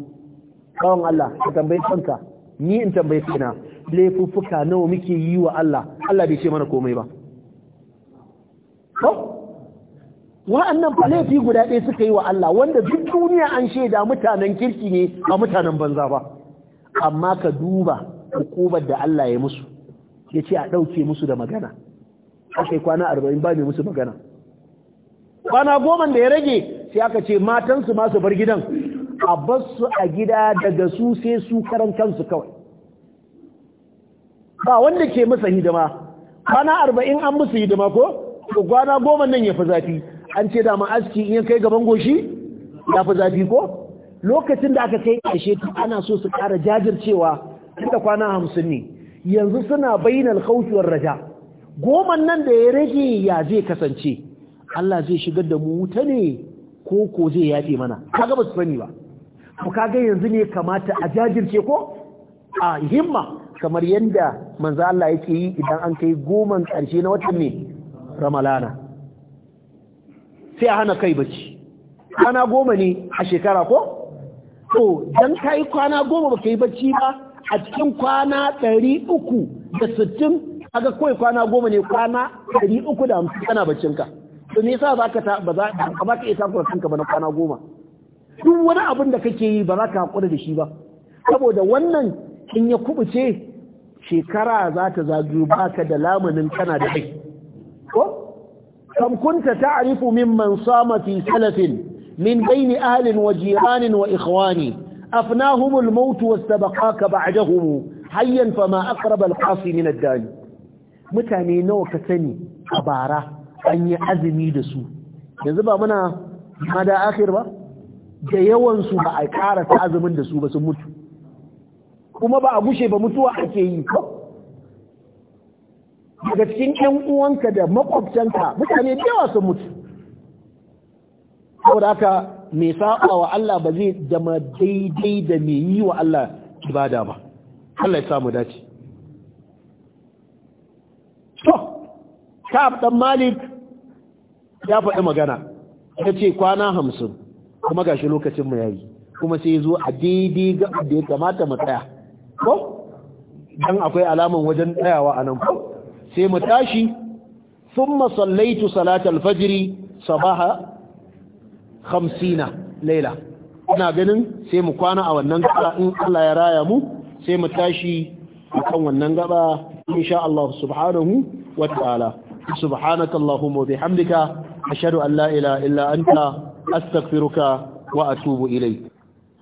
kawon Allah ka tambayi kanka ni in tambayi kaina laifuffuka nawa muke yi wa Allah Allah bai ce mana komai ba wa'annan fa laifi guda ɗaya suka yi wa Allah wanda duk duniya an shaida mutanen kirki ne a mutanen banza ba amma ka duba hukumar da Allah ya musu ya ce a ɗauke musu da magana ake kwana arba'in ba mai musu magana kwana goman da ya rage sai aka ce matansu masu bar gidan a basu a gida daga su sai su karan kansu kawai ba wanda ke masa hidima kwana arba'in an musu hidima ko to kwana goma nan ya fi zafi an ce dama aski in ya kai gaban goshi ya fi zafi ko lokacin da aka kai ƙarshe ana so su ƙara jajircewa da kwana hamsin ne yanzu suna bainal khawfi war raja goman nan da ya rage ya zai kasance Allah zai shigar da mu wuta ne ko ko zai yafe mana kaga ba su sani ba to kaga yanzu ne kamata a jajirce ko a himma kamar yanda manzo Allah yake yi idan an kai goman karshe na watan ne ramalana sai a hana kai bacci kwana goma ne a shekara ko to dan kai kwana goma baka yi bacci ba a cikin kwana ɗari uku da sittin kaga kawai kwana goma ne kwana ɗari uku da hamsin kana bacinka to me yasa za ka ba za ka ba ka iya takura kanka ba na kwana goma duk wani abin da kake yi ba za ka haƙura da shi ba saboda wannan in ya kubuce shekara za ta ba ka da lamunin kana da kai ko kam kunta ta'rifu mimman sama fi salafin min bayni ahlin wa jiranin wa ikhwani humul أفناهم الموت واستبقاك بعدهم حيا فما أقرب القاصي na الداني mutane nawa ka sani a bara an yi azumi da su yanzu ba muna mada akhir ba da yawansu ba a karasa azumin da su ba sun mutu kuma ba a bushe ba mutuwa ake yi daga cikin 'yan uwanka da makwabtanka mutane da yawa sun mutu saboda haka mai saba wa Allah ba zai zama daidai da mai yi wa Allah ibada ba Allah ya samu dace to Ka'ab dan Malik ya faɗi magana ya ce kwana hamsin kuma gashi lokacin mu yayi kuma sai ya zo a daidai ga da ya kamata mu tsaya ko dan akwai alaman wajen tsayawa anan ko sai mu tashi ثم صليت salatal fajri sabaha hamsina laila ina ganin sai mu kwana a wannan gaba in Allah ya raya mu sai mu tashi kan wannan gaba insha Allah subhanahu wa ta'ala subhanaka allahumma bihamdika ashhadu an la ilaha illa anta astaghfiruka wa atubu ilayk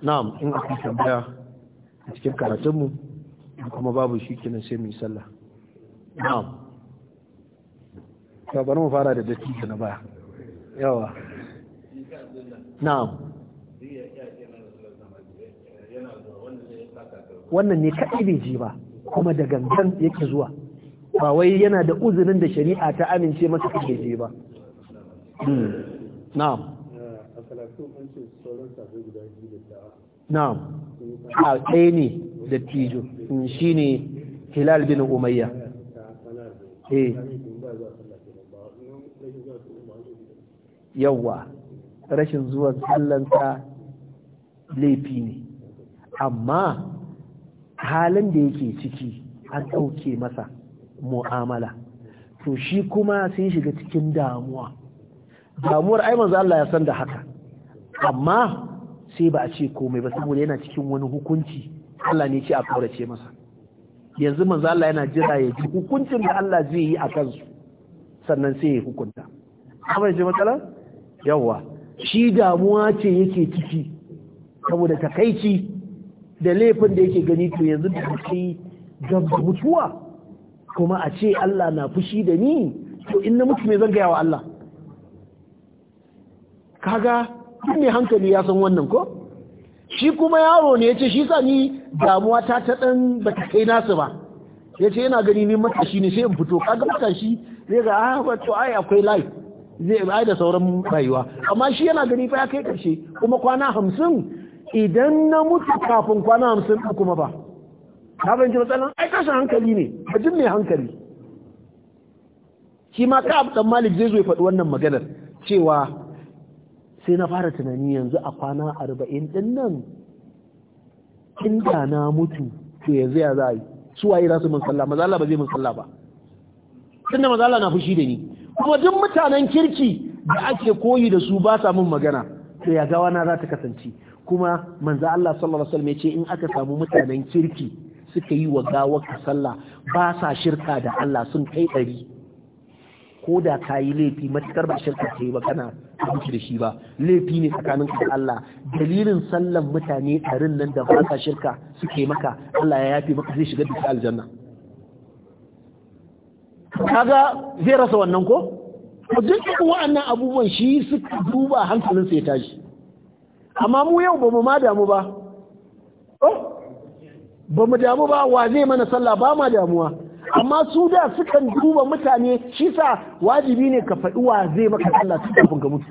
na'am in aka tambaya a cikin karatunmu kuma babu shi kenan sai mu yi sallah na'am to bari mu fara da dattijo na baya yawa na'am wannan ne kaɗai bai ji ba kuma da gangan yake zuwa ba wai yana da uzurin da shari'a ta amince masa kaɗai je ba hmm. na'am na'am a ɗaya ne da tijo hmm, shi ne hilal bin umayya eh. yawwa rashin zuwan sallansa laifi ne amma halin da yake ciki an ɗauke masa mu'amala to shi kuma sai shiga cikin damuwa damuwar ai manzo Allah ya san da haka amma sai ba a ce komai ba saboda yana cikin wani hukunci Allah ne ce a kaurace masa yanzu manzo Allah yana jira ya ji hukuncin da Allah zai yi a kansu sannan sai ya hukunta amma ji matsala yawwa shi damuwa ce yake ciki saboda takaici da laifin da yake gani to yanzu da kai gaba mutuwa kuma a ce Allah na fushi da ni to in mutu me zan gaya wa Allah kaga duk mai hankali ya san wannan ko shi kuma yaro ne ce shi sa ni damuwa ta ta dan bata kai nasu ba yace yana gani ni matashi ne sai in fito kaga matashi zai ga ah to ai akwai life zai bai da sauran rayuwa amma shi yana gani fa ya kai karshe kuma kwana hamsin idan na mutu kafin kwana hamsin kuma ba ka fahimci matsalan ai kashin hankali ne bajin mai hankali shi ma ka dan malik zai zo ya faɗi wannan maganar cewa sai na fara tunani yanzu a kwana arba'in din nan inda na mutu to yanzu ya za a yi suwaye za su min sallah maza ba zai min sallah ba tunda maza na fushi da ni kuma duk mutanen kirki da ake koyi da su ba samun magana to ya gawa na za ta kasance kuma manzo Allah sallallahu alaihi wasallam ya ce in aka samu mutanen kirki suka yi wa gawar ka sallah ba sa shirka da Allah sun kai ɗari ko da ka yi laifi matukar ba shirka ka yi ba kana abuki da shi ba laifi ne tsakanin ka da Allah dalilin sallan mutane ɗarin nan da ba sa shirka suke maka Allah ya yafe maka zai shiga duka aljanna kaga zai rasa wannan ko duk wa'annan abubuwan shi suka duba hankalin sai tashi amma mu yau ba mu ma damu ba oh, ba mu damu ba wa zai mana sallah ba ma damuwa amma su da sukan duba mutane shi sa wajibi ne ka faɗi wa zai maka sallah su kafin ka mutu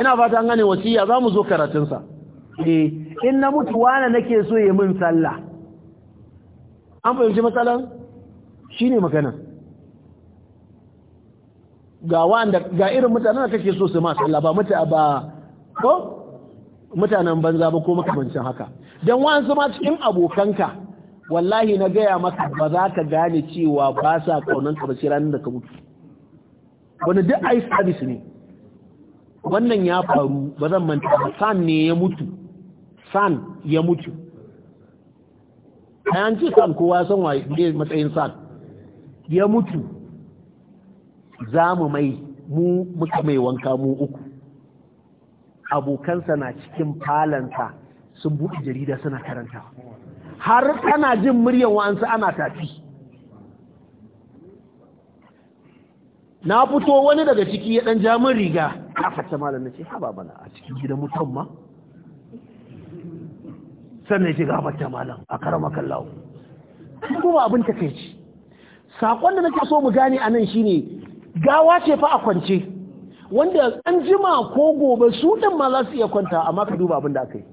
ina fata gane wasiya za mu zo karatunsa eh in na mutu wani nake so ya min sallah an fahimci matsalan ne magana ga wanda ga irin mutanen da kake so su ma sallah ba mutane ba ko mutanen banza ba ko makamancin haka dan su ma cikin abokanka wallahi na gaya maka ba za ka gane cewa ba sa kaunan ka ba sai ranar da ka mutu wani duk ai service ne wannan ya faru ba zan manta ba san ne ya mutu san ya mutu an ce san kowa san waye matsayin san ya mutu za mu mai mu muka mai wanka mu uku abokansa na cikin falanta sun buɗe jarida suna karanta har tana jin muryan wa'ansu ana tafi na fito wani daga ciki ya ɗan jamin riga a fata malam na ce haba bana a cikin gidan mutum ma sannan ya ce ga fata malam a karama kallawo kuma abin takaici saƙon da nake so mu gane a nan shine gawa ce fa a kwance wanda an jima ko gobe su ɗin ma za su iya kwanta amma ka duba abin da aka yi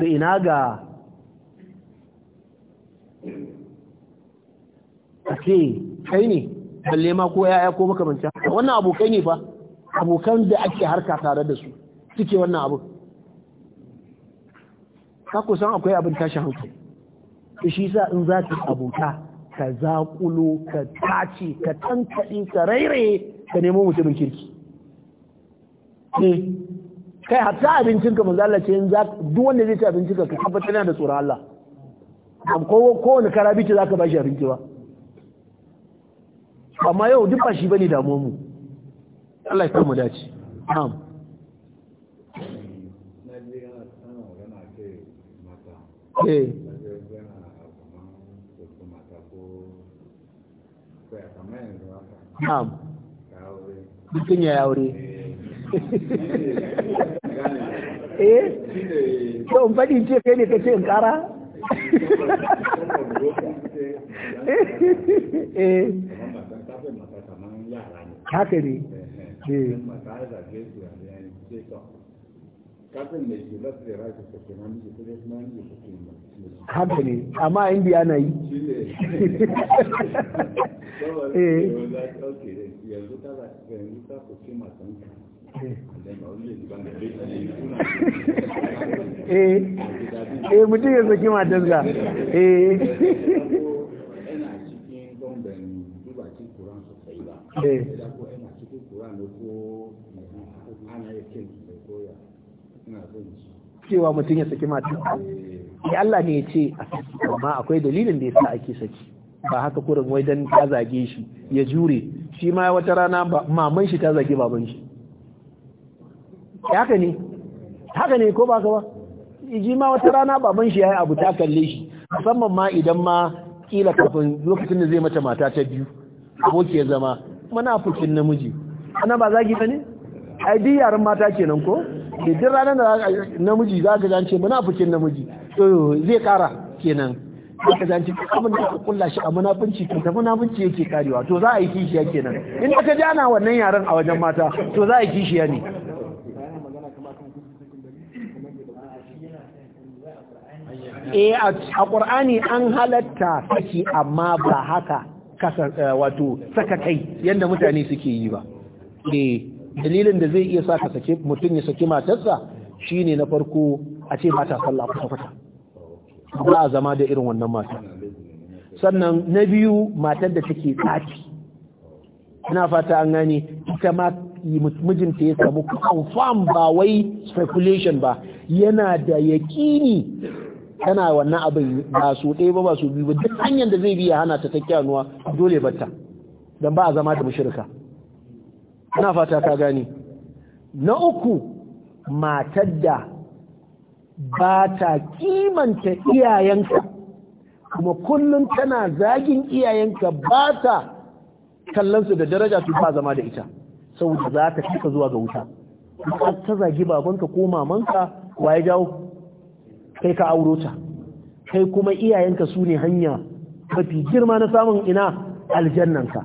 da ina ga ake kai ne balle ma ko yaya ko makamancin wannan abokai ne fa abokan da ake harka tare da su suke wannan abu ka kusan akwai abin tashi hankali shi sa in za ka abota ka zaƙulo ka tace ka tankaɗe ka rairaye ka nemo mutumin kirki eh, kai hatta abincin ka manzo Allah ce in za duk wanda zai ci abincin ka ka tabbatar yana da tsoron Allah am ko ko wani karabi ce zaka bashi abinci ba amma yau duk ba shi bane damuwar mu Allah ya samu dace na'am eh na'am mutum ya aure eh. eh to in faɗi ce kai ne kace in ƙara eh. Eh. haka ne eh haka ne amma a indiya na yi eh mutum ya saki matan ga eh cikin duba cikin kuran sosai ba cewa mutum ya saki mata ya Allah ne ya ce a saki amma akwai dalilin da ya sa ake saki ba haka kurin wai dan ta zage shi ya jure shi ma wata rana maman shi ta zage baban shi haka ne haka ne ko ba ka ba ji ma wata rana baban shi yayi abu ta kalle shi musamman ma idan ma kila kafin lokacin da zai mata mata ta biyu abokiyar zama fukin namiji ana ba zagi ne, ai duk yaran mata kenan ko da eh, duk ranar da namiji za ka zance munafikin namiji zai kara kenan za ka zance abin da ka kulla shi a munafunci ka ta munafunci yake karewa to za a yi kishiya kenan in ka ji na wannan yaren a wajen mata to za a yi kishiya ne eh a qur'ani an halatta saki amma ba haka eh, wato saka kai yadda mutane suke yi ba eh dalilin da zai iya sa ka sake mutum ya saki matarsa shine na farko a ce mata sallah kusa kusa ba a zama da irin wannan mata sannan na biyu matar da take tsaki ina fata an gane ita ma mijinta ya samu confirm ba wai speculation ba yana da yakini tana wannan abin ba su ɗaya ba ba su biyu ba duk hanyar da zai biya hana ta ta kyanuwa dole batta don ba a zama da mushirka ina fata ka gani na uku matar da ba ta kimanta iyayenka kuma kullum tana zagin iyayenka ba ta kallonsu da daraja su ba zama da ita saboda za ta cika zuwa ga wuta ta zagi babanka ko mamanka ya jawo kai ka auro ta kai kuma iyayenka su ne hanya mafi girma na samun ina aljannanka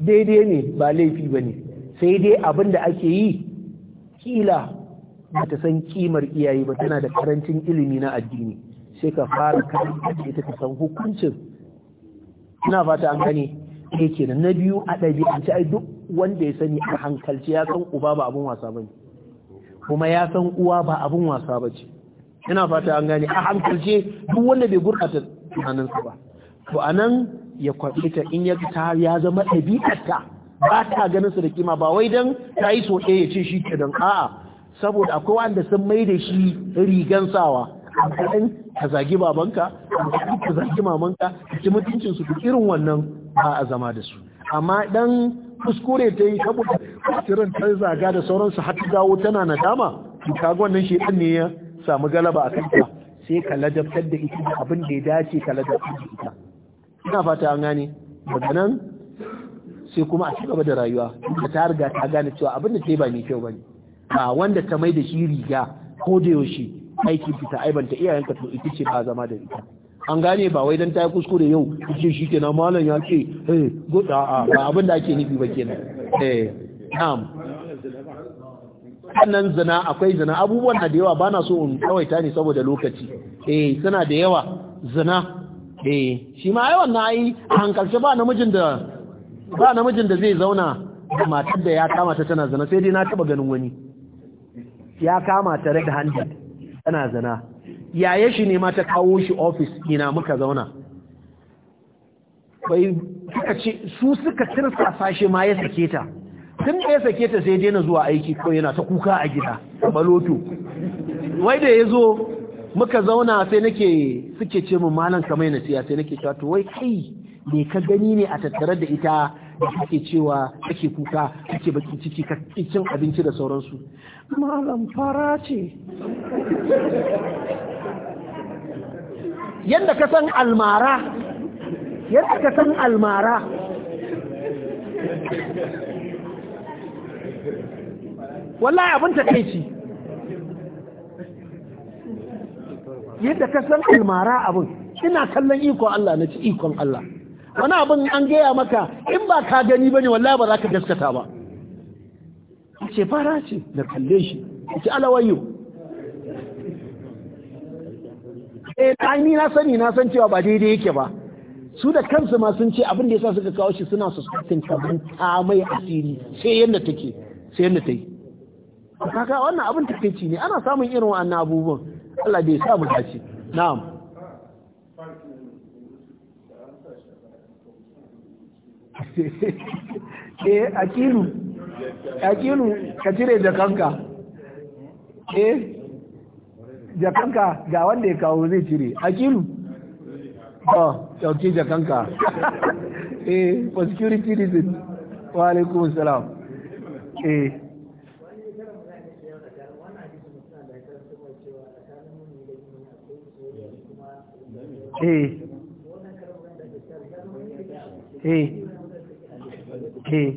daidai ne ba laifi ba ne sai dai abin da ake yi kila ba ta san kimar iyaye ba tana da karancin ilimi na addini sai ka fara karanta ita ta san hukuncin ina fata an gane ne da na biyu a ɗabi'ance ci duk wanda ya sani a hankalci ya san uba ba abin wasa ba ne kuma ya san uwa ba abin wasa ba ce ina fata an gane a hankalce duk wanda bai gurɓata tunaninsa ba to anan ya kwaɓe ta in ya ta ya zama ɗabi'arta ba ta ganin su da kima ba wai dan ta yi so ɗaya ya ce shi don a'a saboda akwai wanda sun mai da shi rigan sawa kaɗan ka zagi babanka ka zagi mamanka ka ci mutuncin su irin wannan ba a zama da su amma dan kuskure ta yi saboda kusurin ta zaga da sauransu har dawo tana nadama to ga wannan shedan ne ya samu galaba a kanta sai ka ladabtar da ita abin da ya dace ka ladabtar da ita ina fata an gane daga nan sai kuma a cigaba da rayuwa da ta riga ta gane cewa abin da ta yi ba mai kyau bane ba wanda ta mai da shi riga ko da yaushe aiki fita aibanta iyayenka to ita ce ba zama da ita an gane ba wai dan ta yi kuskure yau ce shi ke na malam ya ce eh goda a ba abin da ake nufi ba kenan eh am sannan zina akwai zina abubuwan da yawa bana so in kawaita ne saboda lokaci eh suna da yawa zina eh shi ma ai wannan hankalce ba namijin da ba namijin da zai zauna da matar da ya kama ta tana zana. sai dai na taba ganin wani ya kama ta red handed tana zana. yaye shi ne ma ta kawo shi office ina muka zauna bai suka ce su suka tirsa sashe ma ya sake ta tun da ya sake ta sai dai na zuwa aiki ko yana ta kuka a gida baloto wai da ya zo muka zauna sai nake suke ce mun malam kamar na siya sai nake cewa to wai kai me ka gani ne a tattare da ita da kake cewa kake kuka kake baki ciki ka cin abinci da sauransu malam fara ce yadda ka san almara yadda ka san almara wallahi abin takeici yadda ka san almara abin ina kallon iko Allah na ci ikon Allah wani abin an gaya maka in ba ka gani bane wallahi ba za ka gaskata ba ce fara ce da kalle shi ce alawayo eh ni na sani na san cewa ba daidai yake ba su da kansu ma sun ce abin da yasa suka kawo shi suna suspecting kamar ta mai asiri sai yadda take sai yadda ta yi kaka wannan abin takaici ne ana samun irin wannan abubuwan Allah bai sa mu dace na'am eh akilu akilu ka cire jakanka eh jakanka ga wanda ya kawo zai cire akilu to dauki jakanka eh for security reason wa alaikum salam eh eh eh eh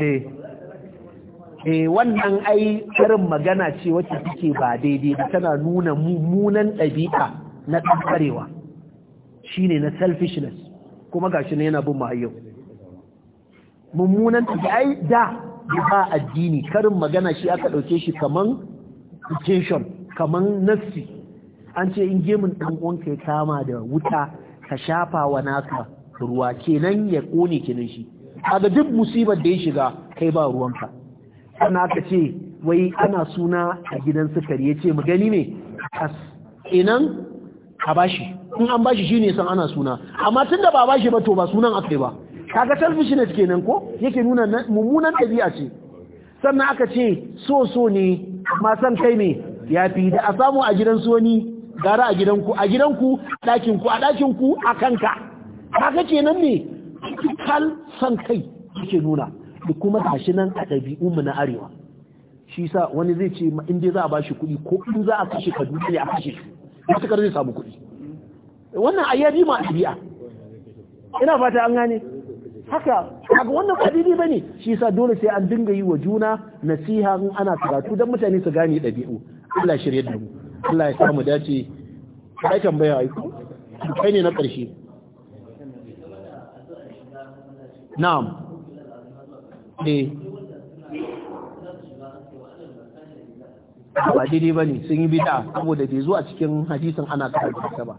eh eh wannan ai karin magana ce wacce take ba daidai ba tana nuna mummunan ɗabi'a na ɗanɓarewa shine na selfishness kuma gashi ne yana bin mu mummunan ɗabi'a ai da ba addini karin magana shi aka ɗauke shi kaman intention kaman nassi an ce in gemun ɗan uwanka ya kama da wuta ka shafa wa naka ruwa kenan ya kone kenan shi kaga duk musibar da ya shiga kai ba ruwanka ana ka ce wai ana suna a gidan sukari ya ce mu gani ne inan a bashi in an bashi shine san ana suna amma tunda ba bashi ba to ba sunan aka ba kaga selfishness kenan ko yake nuna mummunan ɗabi'a ce sannan aka ce so so ne amma san kai ne ya fi da a samu a gidan wani gara a gidanku a gidanku a ɗakinku a ɗakinku a kanka haka kenan ne kal san kai yake nuna da kuma gashi nan a mu na arewa shi sa wani zai ce in dai za a bashi kuɗi ko in za a kashe ka dutse a kashe shi matukar zai samu kuɗi wannan ayyabi ma ɗabi'a ina fata an gane haka haka wannan ba ne bane shi yasa dole sai an dinga yi wa juna nasiha in ana karatu dan mutane su gane ɗabi'u Allah shirye da mu Allah ya samu dace kai tambaya ai kai ne na ƙarshe na'am eh ba daidai ba ne sun yi bida saboda bai zo a cikin hadisin ana karanta ta ba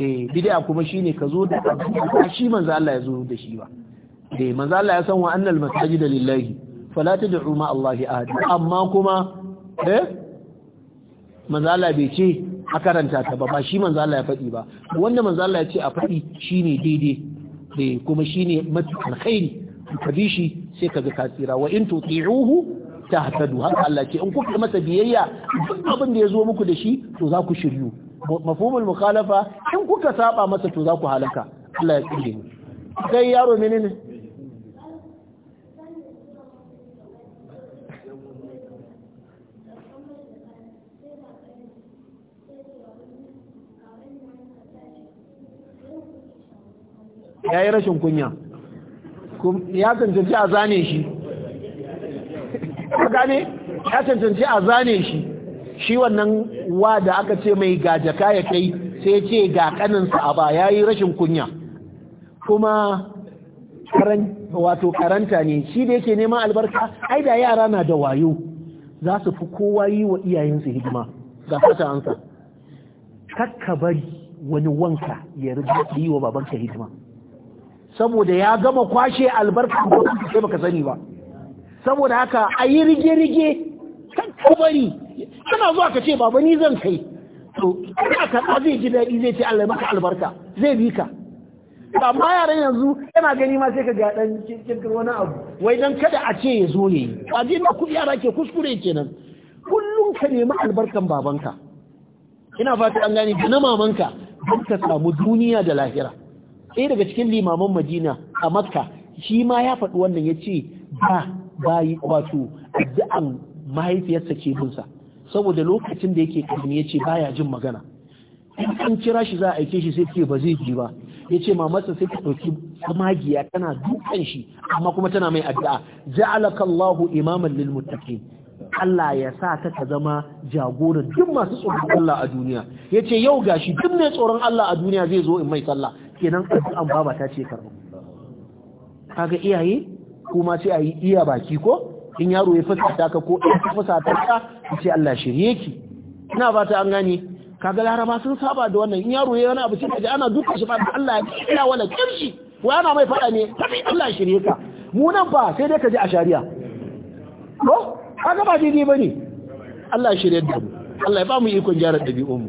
eh bida kuma shine ka zo da shi manzo Allah ya zo da shi ba eh manzo Allah ya san wa annal masajida lillahi fala tad'u ma Allah ahad amma kuma eh manzala bai ce a karanta ta ba ba shi manzala ya faɗi ba wanda manzala ya ce a faɗi shine daidai da eh, kuma shine mafi alkhairi ka bi shi sai ka ga kasira wa in tuti'uhu tahtadu haka Allah ce in kuka masa biyayya duk abin da ya zo muku da shi to za ku shiryu mafhumul mukhalafa in kuka saba masa to za ku halaka Allah ya tsire mu sai yaro menene ya yi rashin kunya ya cancanci a zane shi gane ya cancanci a zane shi shi wannan wa da aka ce mai gajaka ya kai sai ce ga kaninsa a ba ya yi rashin kunya kuma wato karanta ne shi da yake neman albarka ai da yara na da wayo za su fi kowa yi wa iyayensu hidima ga fata ansa kakka bari wani wanka ya rubuta yi wa babanka hidima saboda ya gama kwashe albarka ko sai baka sani ba saboda haka ayi rige rige kan kubari kana zuwa ka ce baba ni zan kai to ina ka zai ji daɗi zai ce Allah maka albarka zai bi ka amma yaran yanzu yana gani ma sai ka ga dan kirkir wani abu wai dan kada a ce ya zo a ji ma ku yara ke kuskure kenan kullum ka nemi albarkan babanka ina fata an gani da na mamanka don ka samu duniya da lahira ɗaya daga cikin limaman madina a makka shi ma ya faɗi wannan ya ce ba bayi wato addu'an mahaifiyarsa ke binsa saboda lokacin da yake kalmi ya ce baya jin magana in an kira shi za a aike shi sai ce ba zai ji ba ya ce mamarsa sai ka ɗauki magiya tana dukan shi amma kuma tana mai addu'a ja'alaka Allahu imaman lil muttaqin Allah ya sa ta ta zama jagoran duk masu tsoron Allah a duniya yace yau gashi duk mai tsoron Allah a duniya zai zo in mai sallah kenan addu'an baba ta ce karɓa kaga iyaye kuma sai a yi iya baki ko in yaro ya fusata ka ko in fusata ka ce Allah shirye ki ina ba ta an gane kaga laraba sun saba da wannan in yaro ya wani abu sai ana duka shi ba Allah ya kira wala kirshi wa ana mai fada ne tabi Allah shirye ka mu nan ba sai dai ka ji a shari'a ko kaga ba daidai bane Allah shirye da mu Allah ya ba mu ikon gyara dabi'un mu